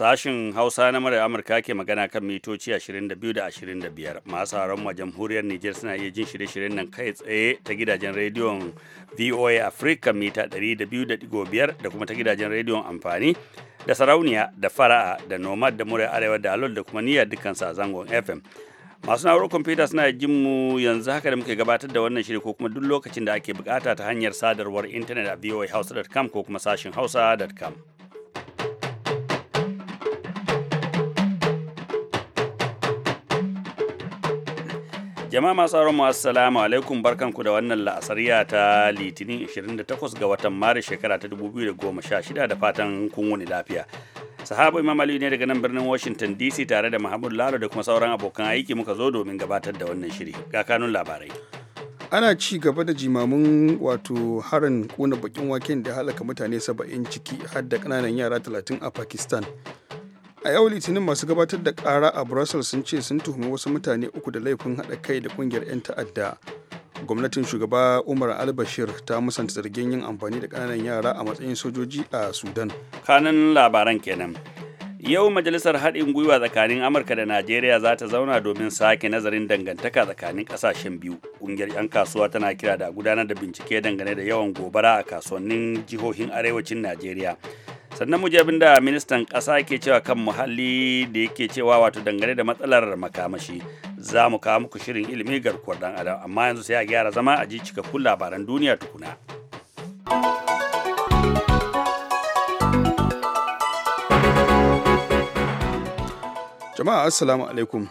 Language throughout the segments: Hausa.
Sashin Hausa na mara Amurka ke magana kan mitoci 22 da 25 masu haron wa jamhuriyar Nijar suna iya jin shirye-shiryen nan kai tsaye ta gidajen rediyon VOA Africa mita 200.5 da kuma ta gidajen rediyon amfani da sarauniya da fara'a da nomad da murai arewa da alol da kuma niyyar dukkan sa zangon FM. masu na'urar kwamfuta suna jin mu yanzu haka da muke gabatar da wannan shiri ko kuma duk lokacin da ake bukata ta hanyar sadarwar intanet a voahouse.com ko kuma sashin hausa.com. Jama'a masu sauran mu assalamu alaikum barkanku da wannan la'asariya ta Litinin 28 ga watan Maris shekara ta 2016 da fatan kun wuni lafiya. Sahaba Imam Ali ne daga nan birnin Washington DC tare da Muhammadu Lalo da kuma sauran abokan aiki muka zo domin gabatar da wannan shiri. Ga kanun labarai. Ana ci gaba da jimamin wato harin kona bakin waken da halaka mutane 70 ciki har da kananan yara 30 a Pakistan. a yau litinin masu gabatar da kara a brussels sun ce sun tuhumi wasu mutane uku da laifin haɗa kai da kungiyar 'yan ta'adda gwamnatin shugaba umar albashir ta musanta zargin yin amfani da kananan yara a matsayin sojoji a sudan kanan labaran kenan yau majalisar haɗin gwiwa tsakanin amurka da najeriya za ta zauna domin sake nazarin dangantaka tsakanin ƙasashen biyu ƙungiyar 'yan kasuwa tana kira da gudanar da bincike dangane da yawan gobara a kasuwannin jihohin arewacin najeriya sannan mu ji da ministan ƙasa ke cewa kan muhalli da yake cewa wato dangane da matsalar makamashi za mu kawo muku shirin ilimi garkuwar dan adam amma yanzu sai a gyara zama a ji cikakkun labaran duniya tukuna jama'a assalamu alaikum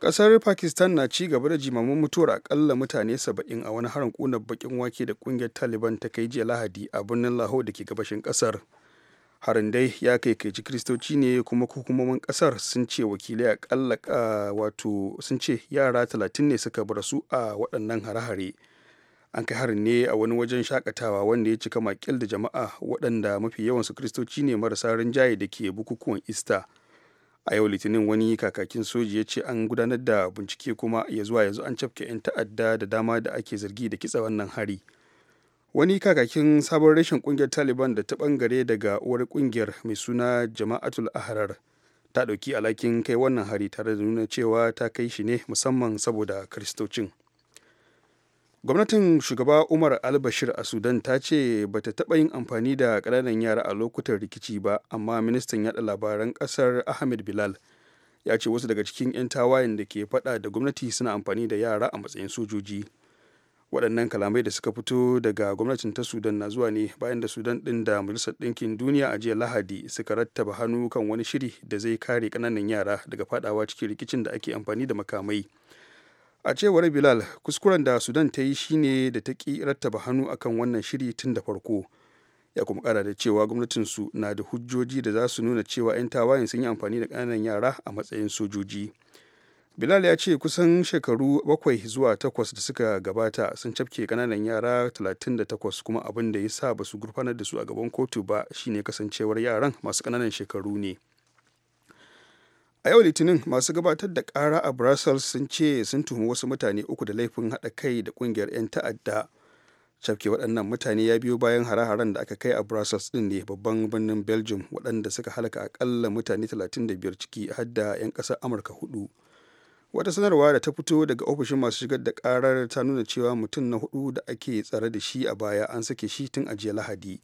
kasar pakistan na ci gaba da jimamin mutuwar akalla mutane 70 a wani harin kuna bakin wake da ƙungiyar taliban ta kai jiya lahadi a birnin lahore da ke gabashin kasar harin dai ya kaikaici kristoci ne kuma hukumomin kasar sun ce wakilai akalla wato sun ce yara talatin ne suka bar su a waɗannan hare-hare an kai harin ne a wani wajen shakatawa wanda ya cika makil da jama'a waɗanda mafi yawansu kristoci ne marasa rinjaye da ke bukukuwan ista a yau litinin wani kakakin soji ya ce an gudanar da bincike kuma ya zuwa yanzu an cafke 'yan ta'adda da dama da ake zargi da kitsa wannan hari. wani kakakin sabon rashin kungiyar taliban da ta bangare daga uwar kungiyar mai suna jama'atul ahrar ta dauki alakin kai wannan hari tare da nuna cewa ta kai shi ne musamman saboda kristocin gwamnatin shugaba umar albashir a sudan ta ce ba ta taɓa yin amfani da ƙananan yara a lokutan rikici ba amma ministan yada labaran ƙasar ahmed bilal ya ce wasu daga cikin 'yan tawayen da ke faɗa da gwamnati suna amfani da yara a matsayin sojoji waɗannan kalamai da suka fito daga gwamnatin ta sudan na zuwa ne bayan da sudan ɗin da majalisar ɗinkin duniya a jiya lahadi suka rattaba hannu kan wani shiri da zai kare ƙananan yara daga faɗawa cikin rikicin da ake amfani da makamai a cewar bilal kuskuren da sudan ta yi shine da ta ki rattaba hannu akan wannan shiri tun da farko ya kuma kara da cewa gwamnatin su na da hujjoji da za su nuna cewa 'yan tawayen sun yi amfani da ƙananan yara a matsayin sojoji bilal ya ce kusan shekaru bakwai zuwa takwas da suka gabata sun cafke kananan yara 38 kuma abin da ya sa ba su gurfanar da su a gaban kotu ba shine kasancewar yaran masu kananan shekaru ne a yau litinin masu gabatar da kara a brussels sun ce sun tuhumi wasu mutane uku da laifin haɗa kai da kungiyar 'yan ta'adda cafke waɗannan mutane ya biyo bayan hare-haren da aka kai a brussels ɗin ne babban birnin belgium waɗanda suka halaka akalla mutane 35 ciki har da 'yan ƙasar amurka hudu wata sanarwa da ta fito daga ofishin masu shigar da karar ta nuna cewa mutum na hudu da ake tsare da shi a baya an sake shi tun ajiye lahadi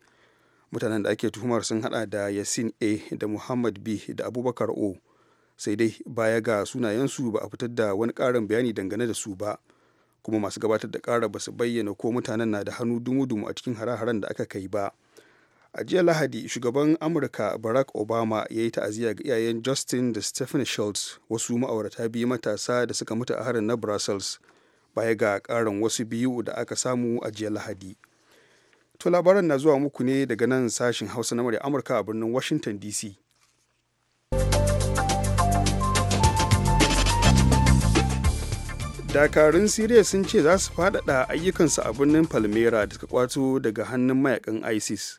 mutanen da ake tuhumar sun hada da yasin a da muhammad b da abubakar o sai dai baya ga sunayensu ba a fitar da wani karin bayani dangane da su ba kuma masu gabatar da kara ba su bayyana ko mutanen na da hannu dumu-dumu a cikin hare-haren da aka kai ba. a jiya lahadi shugaban amurka barack obama ya yi ta'aziyya ga iyayen justin da stephen schultz wasu ma'aurata biyu matasa da suka mutu a harin na brussels baya ga karin wasu biyu da aka samu a jiya lahadi to labaran na zuwa muku ne daga nan sashin hausa na murya amurka a birnin washington dc dakarun siriya sun ce za su faɗaɗa ayyukansu a birnin palmera da suka kwato daga hannun mayakan isis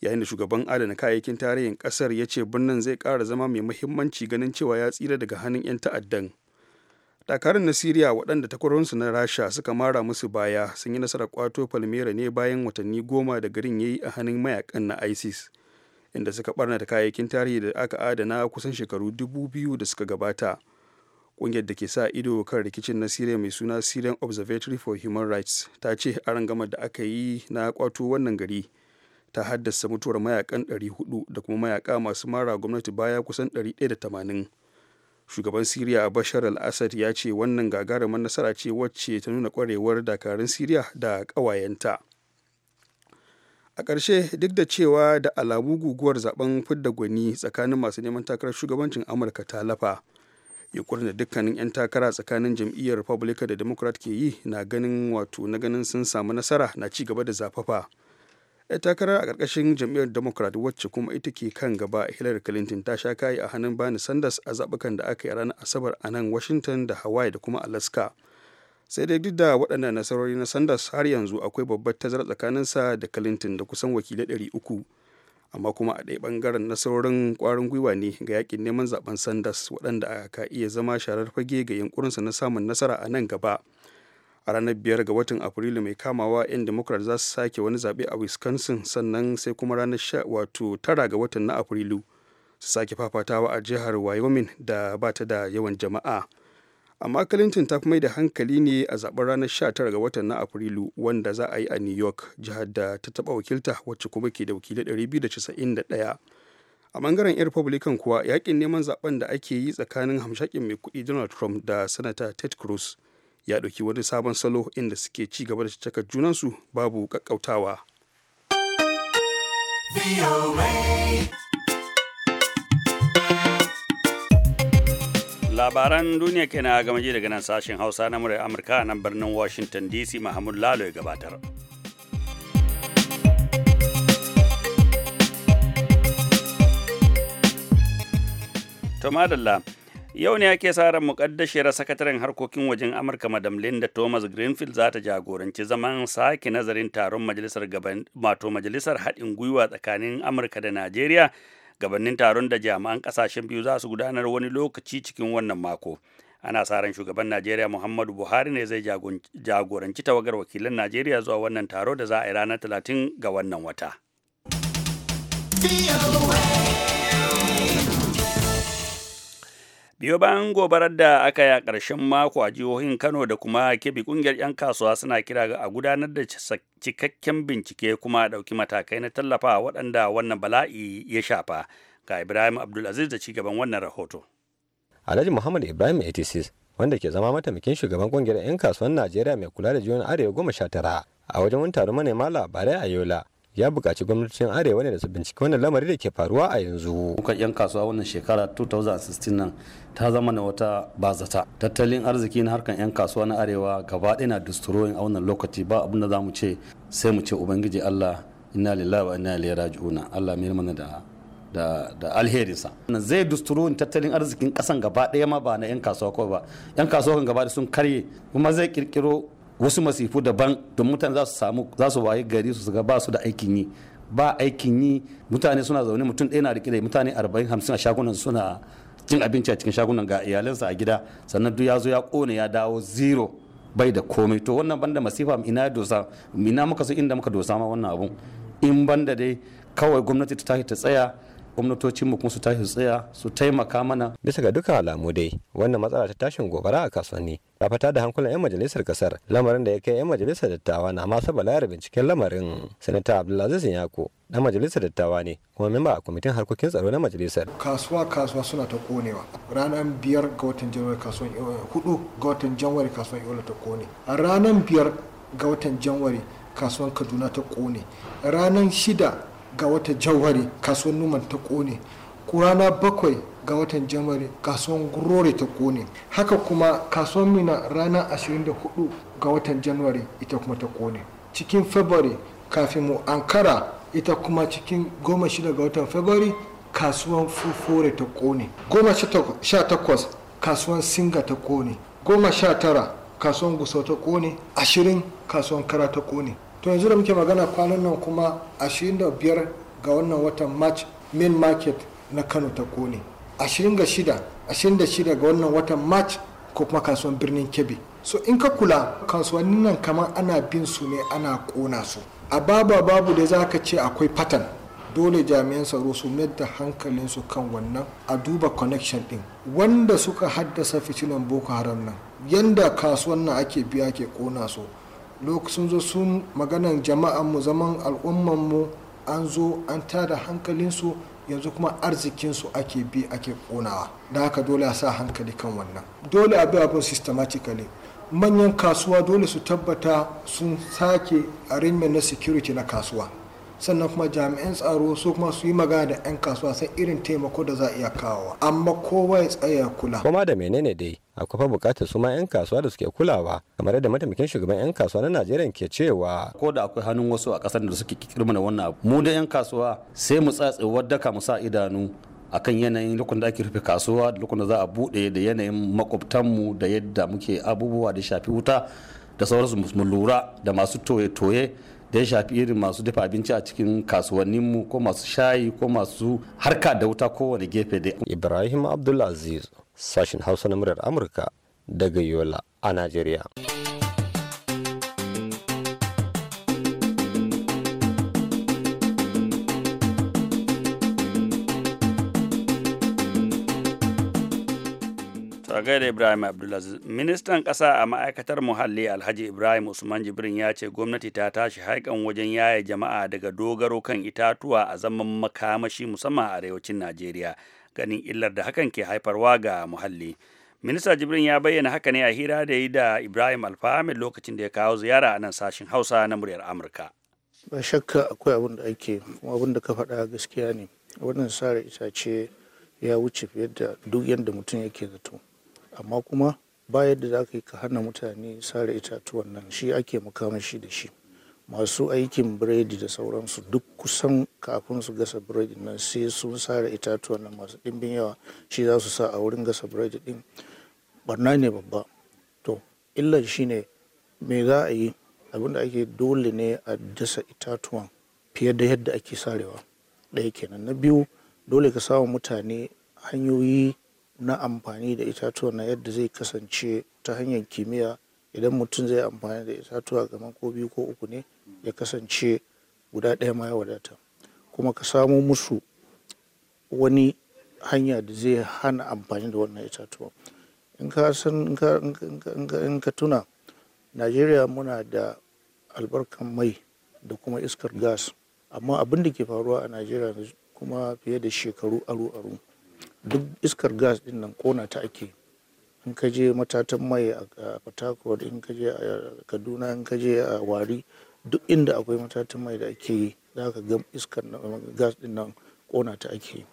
yayin da shugaban adana kayayyakin tarihin kasar ya ce birnin zai kara zama mai muhimmanci ganin cewa ya tsira daga hannun 'yan ta'addan dakarun na siriya waɗanda takwarorinsu na rasha suka mara musu baya sun yi nasarar kwato palmera ne bayan watanni goma da garin ya yi a hannun mayakan na isis inda suka barna da kayayyakin tarihi da aka adana kusan shekaru dubu biyu da suka gabata ƙungiyar da ke sa ido kan rikicin na siriya mai suna syrian observatory for human rights ta ce a rangamar da aka yi na kwato wannan gari ta haddasa mutuwar mayakan 400 da kuma mayaka masu mara gwamnati baya kusan 180 shugaban siriya bashar al-assad ya ce wannan gagarumar nasara ce wacce ta nuna kwarewar dakarun siriya da ƙawayenta a ƙarshe duk da cewa da alamu guguwar zaben fidda gwani tsakanin masu neman takarar shugabancin amurka ta lafa yunkurin da dukkanin 'yan takara tsakanin jam'iyyar republican da democrat ke yi na ganin wato na ganin sun samu nasara na ci gaba da zafafa 'yar takarar a ƙarƙashin jam'iyyar democrat wacce kuma ita ke kan gaba hillary clinton ta sha kayi a hannun bani sanders a zaɓukan da aka yi ranar asabar a nan washington da hawaii da kuma alaska sai dai duk da waɗannan nasarori na sanders har yanzu akwai babbar tazara tsakaninsa da clinton da kusan wakilai 300 amma kuma a ɗaya ɓangaren nasarorin ƙwarin gwiwa ne ga yakin neman zaɓen sanders waɗanda ka iya zama sharar fage ga yunkurinsa na samun nasara a nan gaba. a ranar biyar ga watan afrilu mai kamawa 'yan democrat za su sake wani zaɓe a wisconsin sannan sai kuma ranar wato tara ga watan na afrilu su sake fafatawa a jihar wyoming da ba ta da yawan jama'a amma clinton ta fi mai da hankali ne a zaɓen ranar sha tara ga watan na afrilu wanda za a yi a new york jihar da ta taba wakilta wacce kuma ke da wakilai 291 a bangaren yan republican kuwa yakin neman zaben da ake yi tsakanin hamshakin mai kuɗi donald trump da sanata ted cruz ya ɗauki wani sabon salo inda suke ci gaba da cakar junansu babu ƙaƙƙautawa. Labaran duniya kenan gama ji daga nan sashen Hausa na murar Amurka a nan birnin Washington DC Mahmud Lalo ya gabatar. To madalla Yau ne ake sa ran mukaddashiyar sakataren harkokin wajen Amurka Madam Linda Thomas Greenfield za ta jagoranci zaman sake nazarin taron majalisar gaban mato majalisar haɗin gwiwa tsakanin Amurka da Najeriya gabanin taron da jami'an ƙasashen biyu za su gudanar wani lokaci cikin wannan mako. Ana sa ran shugaban Najeriya Muhammadu Buhari ne zai jagoranci tawagar wakilan Najeriya zuwa wannan taro da za a yi ranar talatin ga wannan wata. biyo bayan gobarar da aka yi a ƙarshen mako a jihohin kano da kuma kebi ƙungiyar 'yan kasuwa suna kira a gudanar da cikakken bincike kuma ɗauki matakai na tallafa waɗanda wannan bala'i ya shafa ga ibrahim abdulaziz da cigaban wannan rahoto alhaji muhammad ibrahim 86 wanda ke zama mataimakin shugaban ƙungiyar 'yan kasuwan najeriya mai kula da jihohin arewa goma sha tara a wajen wani taron manema labarai a yola ya buƙaci gwamnatin arewa ne da su binciki wannan lamari da ke faruwa a yanzu. Kuka 'yan kasuwa wannan shekara 2016 nan ta zama na wata bazata. Tattalin arziki na harkan 'yan kasuwa na arewa gaba ɗaya na destroying a wannan lokaci ba abin da za mu ce sai mu ce Ubangiji Allah inna lillahi wa inna ilaihi raji'un Allah mai mana da da, da alherinsa zai dusturu tattalin arzikin kasan gaba ɗaya ma ba na 'yan kasuwa kawai ba 'yan kasuwa kan gaba sun karye kuma zai kirkiro wasu masifu daban don mutane za su samu za su waye gari su ga ba su da aikin yi ba aikin yi mutane suna zaune mutum ɗaya na rike da mutane 40 50 a shagunan suna cin abinci a cikin shagunan ga iyalansa a gida sannan duk ya zo ya kone ya dawo zero bai da komai to wannan banda masifa ina dosa ina muka so inda muka dosa ma wannan abun in banda dai kawai gwamnati ta tashi ta tsaya gwamnatocinmu kuma su tashi su tsaya su taimaka mana. Bisa ga duka alamu dai wannan matsala ta tashin gobara a kasuwanni ta fita da hankulan 'yan majalisar kasar lamarin da ya kai 'yan majalisar dattawa na masu balayar binciken lamarin. Sanata Abdulaziz Yako na majalisar dattawa ne kuma memba a kwamitin harkokin tsaro na majalisar. Kasuwa kasuwa suna ta konewa ranar biyar ga watan janwari kasuwan hudu ga watan janwari kasuwan yola ta kone a ranar biyar ga watan janwari kasuwan kaduna ta kone ranar shida ga watan jawari kasuwan numan ta kone rana bakwai ga watan jamari kasuwan gurore ta kone haka kuma kasuwan mina rana 24 ga watan januari ita kuma ta kone cikin february kafin mu ankara ita kuma cikin 16 ga watan february kasuwan fufore ta kone 18 kasuwan singa ta kone 19 kasuwan gusau ta kone 20 kasuwan kara ta kone to yanzu da muke magana kwanan nan kuma 25 ga wannan watan march main market na kano ta kone 26 ga wannan watan march ko kuma kasuwan birnin kebbi so in ka kula kasuwannin nan kamar ana bin su ne ana kona su a baba babu da za ka ce akwai fatan dole jami'an tsaro su mayar da hankalinsu kan wannan a duba connection din wanda suka haddasa fitilan boko haram nan yanda kasuwan nan ake biya ke kona su lokacin zo sun maganan jama'anmu zaman al'ummanmu an zo an tada hankalinsu yanzu kuma arzikinsu ake bi ake konawa da haka dole a sa hankali kan wannan dole a bi abin systematically manyan kasuwa dole su tabbata sun sake arrangement na security na kasuwa sannan kuma jami'an tsaro su kuma su yi magana da 'yan kasuwa sai irin taimako da za a iya kawowa amma kowa ya tsaya kula kuma da menene dai akwai fa bukatar su ma 'yan kasuwa da suke kulawa kamar yadda mataimakin shugaban 'yan kasuwa na najeriya ke cewa ko da akwai hannun wasu a kasar da suke kirmana wannan abu mu da 'yan kasuwa sai mu tsatse wadda mu sa idanu akan yanayin lokacin da ake rufe kasuwa da lokacin da za a bude da yanayin makwabtanmu da yadda muke abubuwa da shafi wuta da sauransu mu lura da masu toye-toye da ya shafi irin masu dafa abinci a cikin kasuwanninmu ko masu shayi ko masu harka da wuta kowane gefe dai. Ibrahim Abdulaziz sashen Hausa na muryar Amurka daga Yola a Najeriya. a gaida Ibrahim Abdulaziz. Ministan ƙasa a ma'aikatar muhalli Alhaji Ibrahim Usman Jibrin ya ce gwamnati ta tashi haikan wajen yaye jama'a daga dogaro kan itatuwa a zaman makamashi musamman a arewacin Najeriya ganin illar da hakan ke haifarwa ga muhalli. Minista Jibrin ya bayyana haka ne a hira da yi da Ibrahim Alfahamid lokacin da ya kawo ziyara a nan sashen Hausa na muryar Amurka. Ba shakka akwai abin da ake kuma abin da ka faɗa gaskiya ne. Wannan sare itace ya wuce fiye da duk yadda mutum yake zato. amma kuma ba yadda za ka yi ka hana mutane sare itatuwan nan shi ake makamashi da shi masu aikin biredi da sauransu duk kusan kafin su gasa biredi nan sai sun sare itatuwan nan masu ɗimbin yawa shi za su sa a wurin gasa biredi ɗin barna ne babba to illar shi ne me za a yi abinda ake dole ne a dasa itatuwan fiye da yadda ake sarewa ɗaya kenan na biyu dole ka samu mutane hanyoyi na amfani da itatuwa na yadda zai kasance ta hanyar kimiyya idan mutum zai amfani da itatuwa ga ko biyu ko uku ne ya kasance guda ɗaya ma ya wadata kuma ka samo musu wani hanya da zai hana amfani da wannan itatuwa in ka in tuna najeriya muna da albarkan mai da kuma iskar gas amma abin da ke faruwa a najeriya kuma fiye da shekaru aru-aru duk iskar gas din nan kona ta ake in ka je matatan mai a fatakot in ka je a kaduna in ka je a wari duk inda akwai matatan mai da ake yi za ka ga iskar gas din nan kona ta ake yi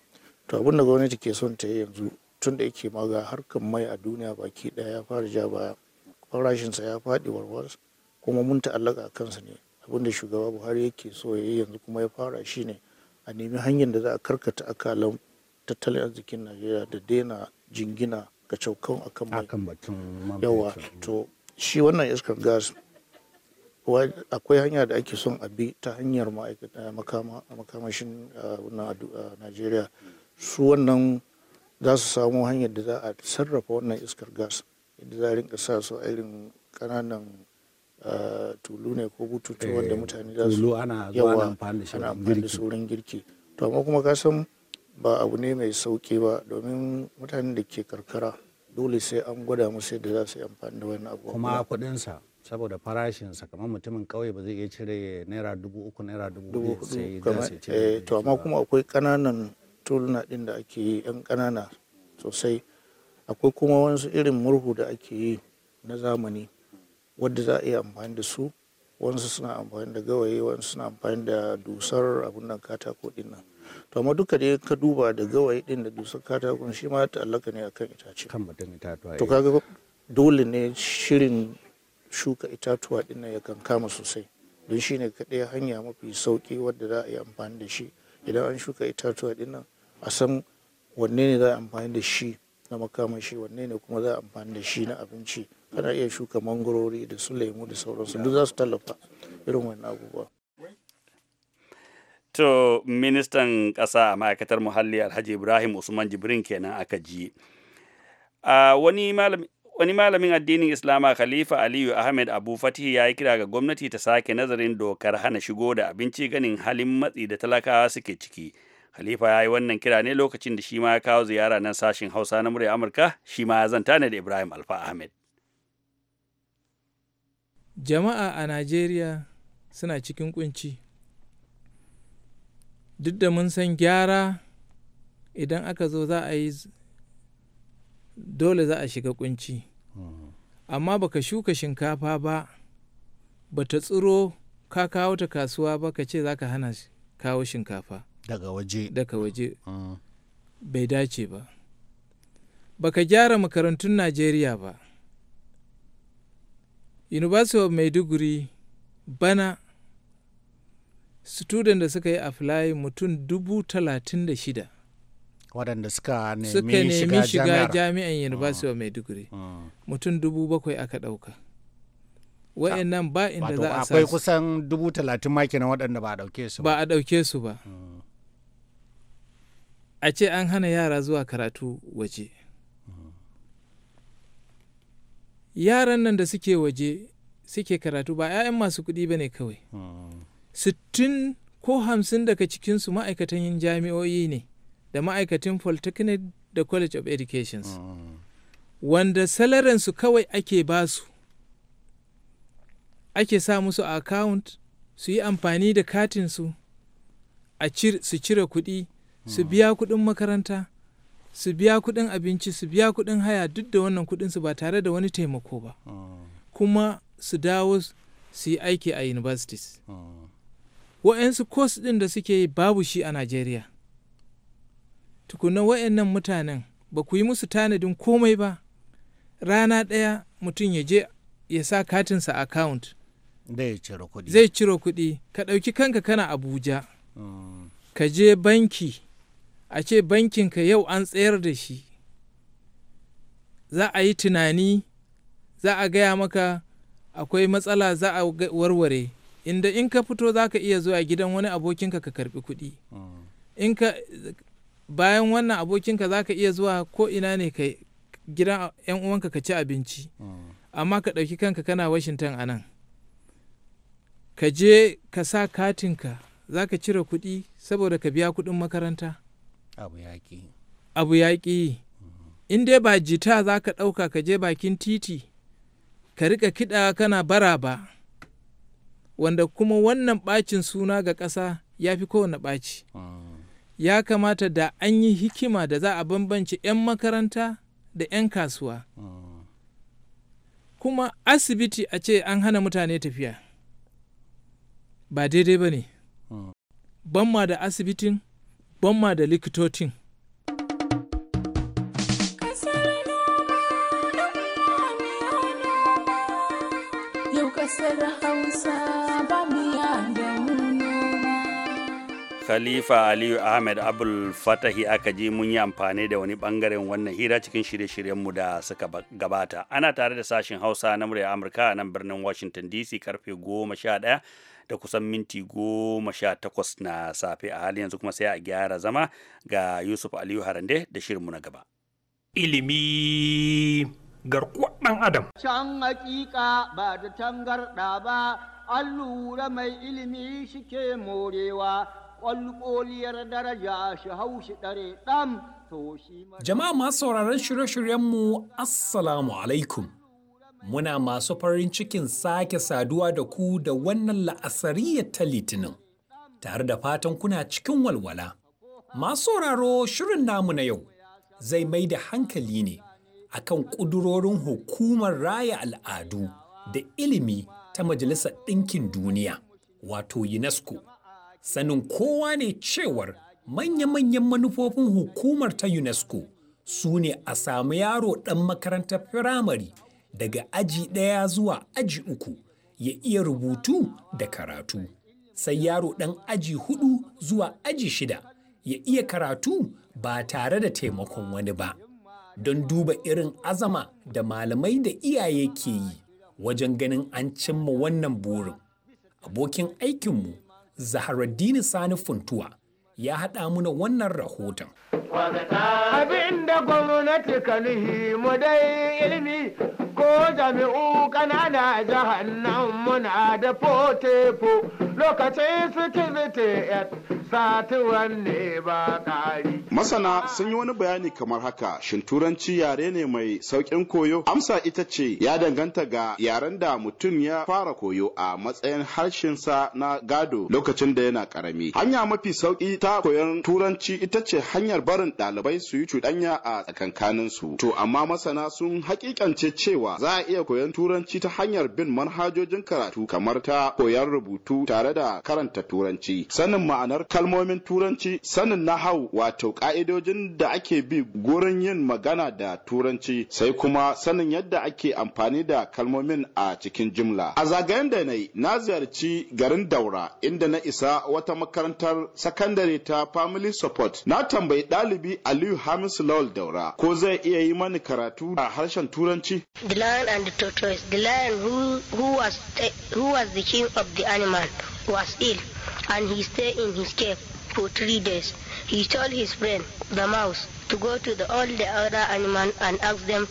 to abinda gwamnati ke son ta yi yanzu tun da yake maga harkar mai a duniya baki daya ya fara ja baya farashinsa ya faɗi warwas kuma mun a kansa ne abinda shugaba buhari yake so ya yi yanzu kuma ya fara shi ne a nemi hanyar da za a karkata akalan tattalin arzikin najeriya da daina jingina ga caukan akan mai yawa mm. to shi wannan iskar gas akwai hanya da ake son a bi ta hanyar makamashin ah, na ah, najeriya su wannan za su samu hanyar da za a sarrafa wannan iskar gas yadda za a rinka sa su a irin kananan ah, tulu ne ko bututu wanda eh, mutane za su yawa ana amfani da su girki to amma kuma ka san ba abu ne mai sauki ba domin mutanen da ke karkara dole sai an gwada musu yadda za su yi amfani da wani abu kuma kuɗinsa saboda farashinsa kamar mutumin kauye ba zai iya cire naira dubu uku naira dubu sai eh, to amma kuma akwai kananan tuluna din da ake yi yan kanana sosai akwai kuma wasu irin murhu da ake yi na zamani wadda za a iya amfani da su wasu suna amfani da gawayi wasu suna amfani da dusar abun nan katako ɗin nan to amma duka dai ka duba da gawayi din da dusar katakon shi ma ta'allaka ne akan itace kan mutum itatuwa to eh. kaga dole ne shirin shuka itatuwa din nan yakan kama sosai don shi ne kaɗai hanya mafi sauki wadda za a yi amfani da shi idan an shuka itatuwa din nan a san wanne ne za a amfani da shi na makamashi wanne ne kuma za a amfani da shi na abinci kana iya shuka mangarori da su lemu da sauransu duk za su tallafa irin wannan abubuwa To ministan ƙasa a ma'aikatar muhalli Alhaji Ibrahim Usman Jibrin kenan aka ji. a wani malamin addinin islama khalifa aliyu ahmed abu fatihi ya yi kira ga gwamnati ta sake nazarin dokar hana shigo da abinci ganin halin matsi da talakawa suke ciki khalifa ya yi wannan kira ne lokacin da shi ma ya kawo ziyara nan sashen hausa na murya amurka shi ma ya zanta ne da ibrahim alfa ahmed jama'a a najeriya suna cikin kunci duk da mun san gyara idan aka zo za a yi dole za a shiga kunci amma baka shuka shinkafa ba bata tsiro ka kawo ta kasuwa ba ka ce za ka hana kawo shinkafa daga waje daga waje ah. bai dace ba baka gyara makarantun najeriya ba university of maiduguri bana student da suka yi apply mutum dubu talatin da shida waɗanda suka nemi shiga jami'an ah. university of maiduguri ah. mutum dubu bakwai aka ɗauka nan ba inda za a sa akwai kusan dubu talatin maki na waɗanda ba a ɗauke su ba a ɗauke su ba ah. a ce an hana yara zuwa karatu waje yaran nan da suke waje suke karatu ba 'ya'yan masu kuɗi ba ne kawai sittin ko hamsin daga cikinsu ma'aikatan jami'o'i ne da ma'aikatan polytechnic da college of education mm. wanda salaransu kawai ake ba su ake sa musu a account su yi amfani da katinsu su cire kuɗi su mm. biya kuɗin makaranta su biya kuɗin abinci su biya kuɗin haya duk da wannan kuɗinsu ba tare da wani taimako ba mm. kuma su dawo su yi aiki a universities. wa'yansu kos din da suke yi babu shi a najeriya tukuna wa'yannan mutanen ba ku yi musu tanadin komai ba rana ɗaya mutum ya je ya sa katinsa account zai ciro kuɗi ka ɗauki kanka kana abuja ka je banki a ce bankinka yau an tsayar da shi za a yi tunani za a gaya maka akwai matsala za a warware inda in ka fito za ka iya zuwa gidan wani abokinka ka karbi kuɗi hmm. bayan wannan abokinka za ka iya zuwa ko ina ne ka gidan yan uwanka ka ci abinci hmm. amma ka ɗauki kanka kana washington a nan ka je ka sa katinka za ka cire kuɗi saboda ka biya kuɗin makaranta abu yaƙi abu yaƙi hmm. in dai ba jita za ka ɗauka ka je bakin titi ka riƙa kiɗa kana bara ba wanda kuma wannan ɓacin suna ga ƙasa ya fi kowane ɓaci ah. ya kamata da an yi hikima da za a bambance 'yan makaranta da 'yan kasuwa ah. kuma asibiti a ce an hana mutane tafiya ba daidai ba ne ah. banma da asibitin banma da likitocin Yau Khalifa Aliyu Ahmed Abul Fatahi aka ji mun yi amfani da wani bangaren wannan hira cikin shirye-shiryenmu da suka gabata. Ana tare da sashen Hausa na murya Amurka a nan birnin Washington DC karfe 11 da kusan minti 18 na safe a halin yanzu kuma sai a gyara zama ga Yusuf Aliyu Harande da shirinmu na gaba. Ilimi garkuwar ɗan Adam. Can hakika ba da tangarɗa ba, an lura mai ilimi shike morewa ƙwalƙoliyar daraja shi haushi ɗare ɗan. to shi Jama'a masu sauraron shirye-shiryenmu Assalamu alaikum. Muna masu farin cikin sake saduwa da ku da wannan la'asariyar ta litinin, tare da fatan kuna cikin walwala. Masu sauraro shirin namu na yau zai mai da hankali ne akan ƙudurorin hukumar raya al'adu da ilimi ta Majalisar Ɗinkin Duniya, wato UNESCO. sanin kowa ne cewar manya-manyan manufofin hukumar ta UNESCO su ne a samu yaro ɗan makarantar firamare daga aji ɗaya zuwa aji uku ya iya rubutu da karatu. Sai yaro ɗan aji hudu zuwa aji shida ya iya karatu ba tare da taimakon wani ba. Don duba irin azama da malamai da iyaye ke yi wajen ganin an cimma wannan burin. Abokin aikinmu Zaharaddini Sani Funtuwa ya haɗa muna wannan rahoton. Abin da gwamnati kan mu dai ilimi ko jami'u ƙanana jahannan muna da fotefo lokacin su Masana sun yi wani bayani kamar haka, shin turanci yare ne mai sauƙin koyo? Amsa ita ce ya danganta ga yaren da mutum ya fara koyo a matsayin harshensa na gado lokacin da yana ƙarami. Hanya mafi sauƙi ta koyon turanci ita ce hanyar barin ɗalibai su yi cuɗanya a tsakankaninsu. To amma masana sun hakikance cewa za a iya koyon turanci ta hanyar bin manhajojin karatu kamar ta koyon rubutu tare da karanta turanci. Sanin ma'anar kalmomin turanci sanin nahau wato ka'idojin da ake bi gurin yin magana da turanci sai kuma sanin yadda ake amfani da kalmomin a cikin jimla a zagayen da na yi na ziyarci garin daura inda na isa wata makarantar sakandare ta family support na tambayi ɗalibi aliyu hamis lawal daura ko zai iya yi mani karatu a harshen turanci the lion and the tortoise the lion who, who was the, who was the king of the animal was ill and he stayed in his cave for three days. He told his friend, the mouse, to go to the, all the other animals and ask them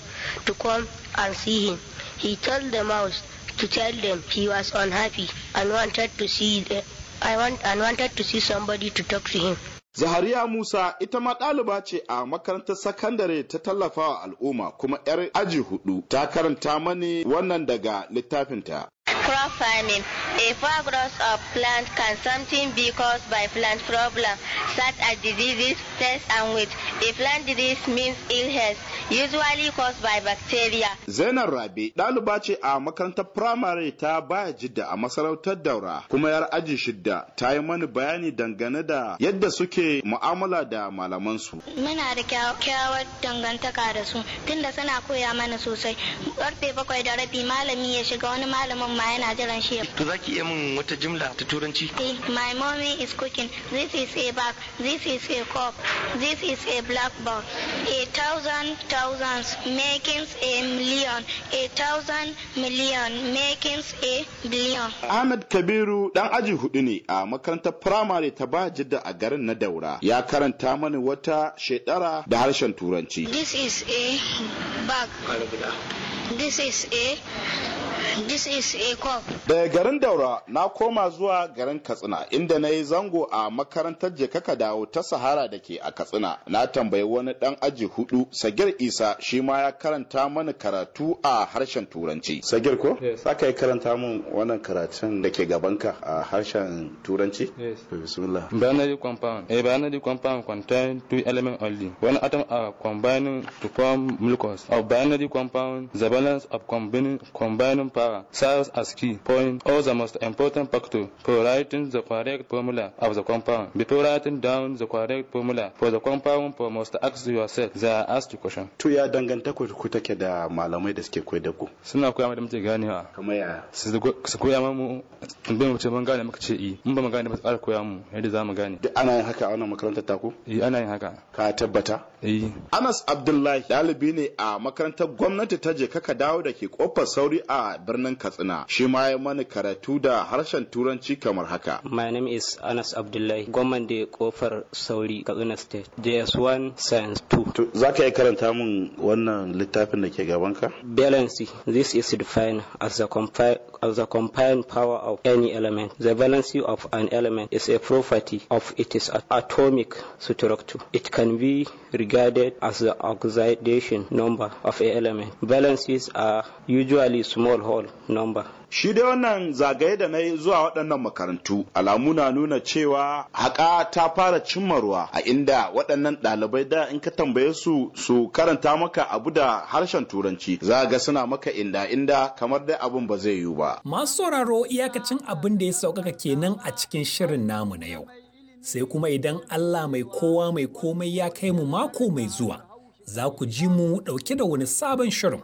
to come and see him. He told the mouse to tell them he was unhappy and wanted to see the, I want and wanted to see somebody to talk to him. Zahariya Musa ita ma ɗaliba ce a makarantar sakandare ta tallafawa al'umma kuma 'yar aji hudu ta karanta mani wannan daga littafinta. crop farming. A poor growth of plant can sometimes be caused by plant problems such as diseases, pests, and weeds. A plant disease means ill health. usually caused by bacteria. zainar Rabi ɗaliba ce a makarantar firamare ta baya jidda a masarautar daura kuma yar aji shidda ta yi mani bayani dangane da yadda suke mu'amala da malamansu. Muna da kyawawan dangantaka da su tunda suna koya mana sosai. Karfe bakwai da rabi malami ya shiga wani malamin ma yana jiran shi. To za ki iya min wata jimla ta turanci? Eh, My mommy is cooking. This is a bag. This is a cup. This is a blackboard. A thousand thousands making a million a thousand million making a billion Ahmed Kabiru dan aji hudu ne a makarantar firamare ta jidda a garin na Daura ya karanta mani wata shedara da harshen Turanci This is a bag This is a This is a cup. garin Daura na koma zuwa garin Katsina inda na yi zango a makarantar Jekaka Dawo ta Sahara da ke a Katsina. Na tambayi wani dan aji hudu Sagir Isa shi ma ya karanta mani karatu a harshen Turanci. Sagir ko? Yes. Aka yi karanta min wannan karatun da ke gabanka a harshen Turanci? Yes. Bismillah. Binary compound. A eh, binary compound contains two elements only. When atoms are combining to form molecules of binary compound, the balance of combining combining Solving power serves as key point or the most important factor for writing the correct formula of the compound. Before writing down the correct formula for the compound, for must ask yourself the asked question. To ya danganta ku ku take da malamai da suke koyar da ku? Suna koya mu da muke ganewa. Kamar ya? Su koya mu tambayar mu ce mun gane muka ce i mun ba mu gane ba tsara koya mu yadda za mu gane. Duk Ana yin haka a wannan makarantar ta ku? Eh ana yin haka. Ka tabbata? Eh. Anas Abdullahi ɗalibi ne a makarantar gwamnati ta je kaka dawo da ke kofar sauri a birnin Katsina. Shi ma ya mani karatu da harshen Turanci kamar haka. My name is Anas Abdullahi, gwamnan da kofar sauri Katsina State, JS1 Science 2. Za ka iya karanta min wannan littafin da ke gaban ka? Balance. This is defined as the compile as the combined power of any element. The valency of an element is a property of its atomic structure. It can be regarded regarded as the oxidation number of a element. Valences are usually small hole number. Shi dai wannan zagaye da na yi zuwa waɗannan makarantu alamu na nuna cewa haƙa ta fara cimma ruwa a inda waɗannan ɗalibai da in ka tambaye su su karanta maka abu da harshen turanci za ga suna maka inda inda kamar dai abin ba zai yiwu ba. Masu sauraro iyakacin abin da ya sauƙaƙa kenan a cikin shirin namu na yau. sai kuma idan Allah mai kowa mai komai ya kai mu mako mai zuwa, za ku ji mu ɗauke da wani sabon shirin.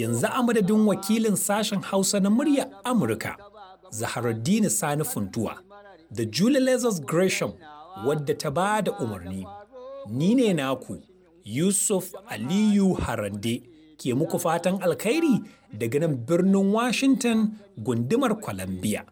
Yanzu a madadin wakilin sashen Hausa na murya Amurka, Zaharaddini Sani Funtuwa, da Julie Lazarus Gresham wadda ta ba da umarni. Ni ne naku, Yusuf Aliyu Harande, ke muku fatan alkhairi daga nan birnin Washington gundumar Columbia.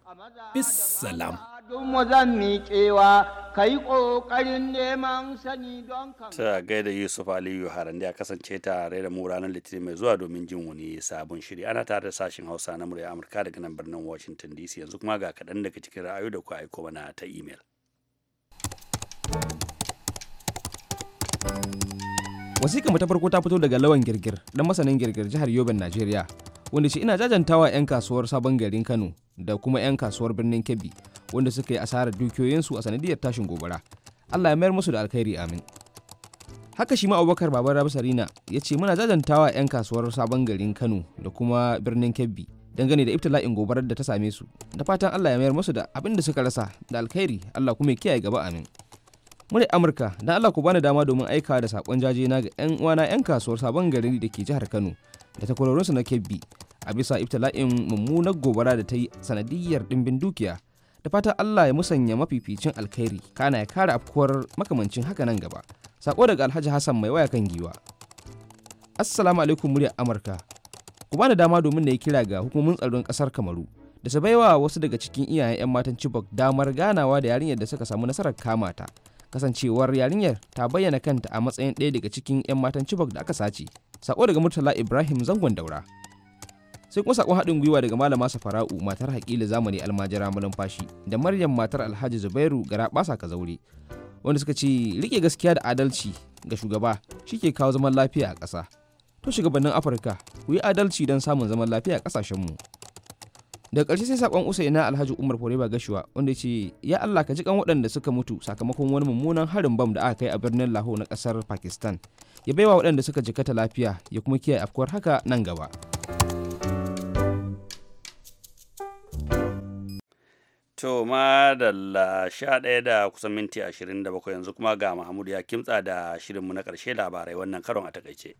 Bis salam. mu zan miƙewa ka yi ƙoƙarin neman sani don kan. Ta gaida Yusuf Aliyu Haran da ya kasance tare da mu ranar Litinin mai zuwa domin jin wani sabon shiri. Ana tare da sashen Hausa na murya Amurka daga nan birnin Washington DC yanzu kuma ga kaɗan daga cikin ra'ayoyi da ku aiko mana ta imel. Wasiƙa mu ta farko ta fito daga Lawan Girgir, dan masanin Girgir jihar Yobe, Najeriya. wanda ce ina jajantawa 'yan kasuwar sabon garin kano da kuma 'yan kasuwar birnin kebbi wanda suka yi asarar dukiyoyinsu a sanadiyar tashin gobara allah ya mayar musu da alkhairi amin haka shi ma abubakar babar rabu sarina ya ce muna jajantawa 'yan kasuwar sabon garin kano da kuma birnin kebbi dangane da ibtila'in gobarar da ta same su da fatan allah ya mayar musu da abin da suka rasa da alkhairi allah kuma ya kiyaye gaba amin muryar amurka dan allah ku bani dama domin aika da sakon jaje na ga 'yan uwana 'yan kasuwar sabon garin da ke jihar kano da takwarorinsu na kebbi a bisa ibtila'in mummunar gobara da ta yi sanadiyyar dimbin dukiya da fatan Allah ya musanya mafificin alkhairi kana ya kare afkuwar makamancin haka nan gaba sako daga Alhaji Hassan mai waya kan giwa Assalamu alaikum muryar Amurka ku bani dama domin na yi kira ga hukumomin tsaron kasar Kamaru da su baiwa wasu daga cikin iyayen yan matan Chibok damar ganawa da yarinyar da suka samu nasarar kamata. kasancewar yarinyar ta bayyana kanta a matsayin ɗaya daga cikin yan matan Chibok da aka sace sako daga Murtala Ibrahim zangon daura sai kuma sakon haɗin gwiwa daga malama safara'u matar haƙila zamani almajira malumfashi da maryam matar alhaji zubairu gara ɓasa ka zaure wanda suka ce rike gaskiya da adalci ga shugaba shi ke kawo zaman lafiya a ƙasa to shugabannin afirka ku yi adalci don samun zaman lafiya a ƙasashenmu da ƙarshe sai sakon na alhaji umar foreba gashuwa wanda ya ce ya allah ka ji kan waɗanda suka mutu sakamakon wani mummunan harin bam da aka kai a birnin laho na ƙasar pakistan ya baiwa waɗanda suka jikata lafiya ya kuma kiyaye afkuwar haka nan gaba. To madalla sha ɗaya da kusan minti ashirin da bakwai yanzu kuma ga Mahmud ya kimtsa da shirinmu na ƙarshe labarai wannan karon a takaice.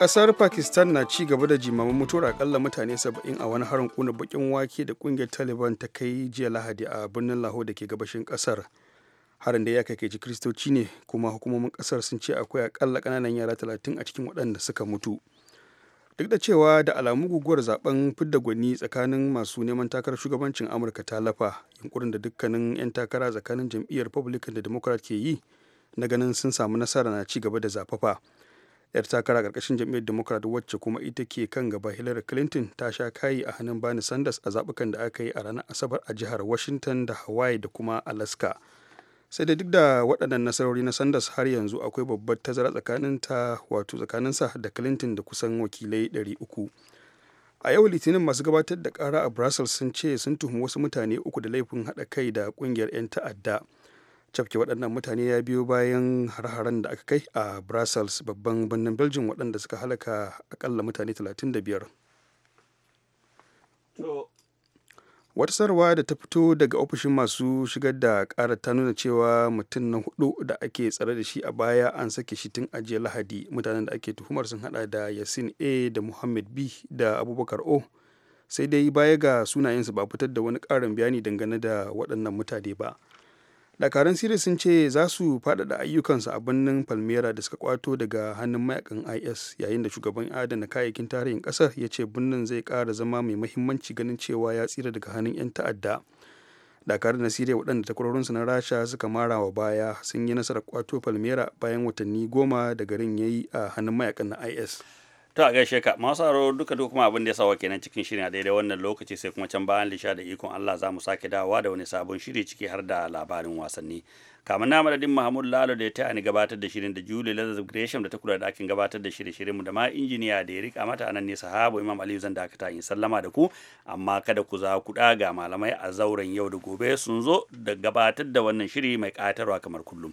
Ƙasar Pakistan na ci gaba da jimamin mutuwar akalla mutane 70 a wani harin kuna bakin wake da ƙungiyar Taliban ta kai jiya Lahadi a birnin Lahore da ke gabashin ƙasar. harin da ya kai kristoci ne kuma hukumomin kasar sun ce akwai akalla kananan yara talatin a cikin waɗanda suka mutu duk da cewa da alamu guguwar zaben fidda gwani tsakanin masu neman takarar shugabancin amurka ta lafa yunkurin da dukkanin 'yan takara tsakanin jam'iyyar republican da democrat ke yi na ganin sun samu nasara na ci gaba da zafafa yar takara karkashin jam'iyyar democrat wacce kuma ita ke kan gaba hillary clinton ta sha kayi a hannun bani sanders a zabukan da aka yi a ranar asabar a jihar washington da hawaii da kuma alaska sai da duk da waɗannan nasarori na sanders har yanzu akwai babbar tazara tsakanin ta wato tsakaninsa da clinton da kusan wakilai 300 a yau litinin masu gabatar da kara a brussels sun ce sun tuhumi wasu mutane uku da laifin haɗa kai da ƙungiyar 'yan ta'adda cafke waɗannan mutane ya biyo bayan har-haren da aka kai a brussels babban birnin belgium waɗanda suka halaka akalla mutane 35 wata sarwa da ta fito daga ofishin masu shigar da ƙara ta nuna cewa mutum na hudu da ake tsare da shi a baya an sake shi tun ajiye lahadi mutanen da ake tuhumar sun hada da yasin a da muhammad b da abubakar o sai dai baya ga sunayensu ba fitar da wani ƙarin bayani dangane da waɗannan mutane ba dakarun siriya sun ce za su faɗaɗa ayyukansu a birnin palmera da suka kwato daga hannun mayakan is yayin da shugaban adana kayayyakin tarihin ƙasar ya ce birnin zai ƙara zama mai mahimmanci ganin cewa ya tsira daga hannun 'yan ta'adda dakarun na siriya waɗanda takwarorinsu na rasha suka mara wa baya sun yi nasarar kwato palmera bayan watanni goma da garin ya yi a hannun mayakan na is ta gaishe ka masu aro duka duk kuma abin da ya sawa kenan cikin shirin a daidai wannan lokaci sai kuma can bayan lisha da ikon Allah za mu sake dawowa da wani sabon shiri ciki har da labarin wasanni kamar na madadin Mahmud Lalo da ya ta ni gabatar da shirin da Julie Lazarus Gresham da ta kula da ɗakin gabatar da shirin shirin mu da ma injiniya da ya rika mata anan ne sahabo Imam Aliyu zan dakata in sallama da ku amma kada ku za ku ga malamai a zauren yau da gobe sun zo da gabatar da wannan shiri mai katarwa kamar kullum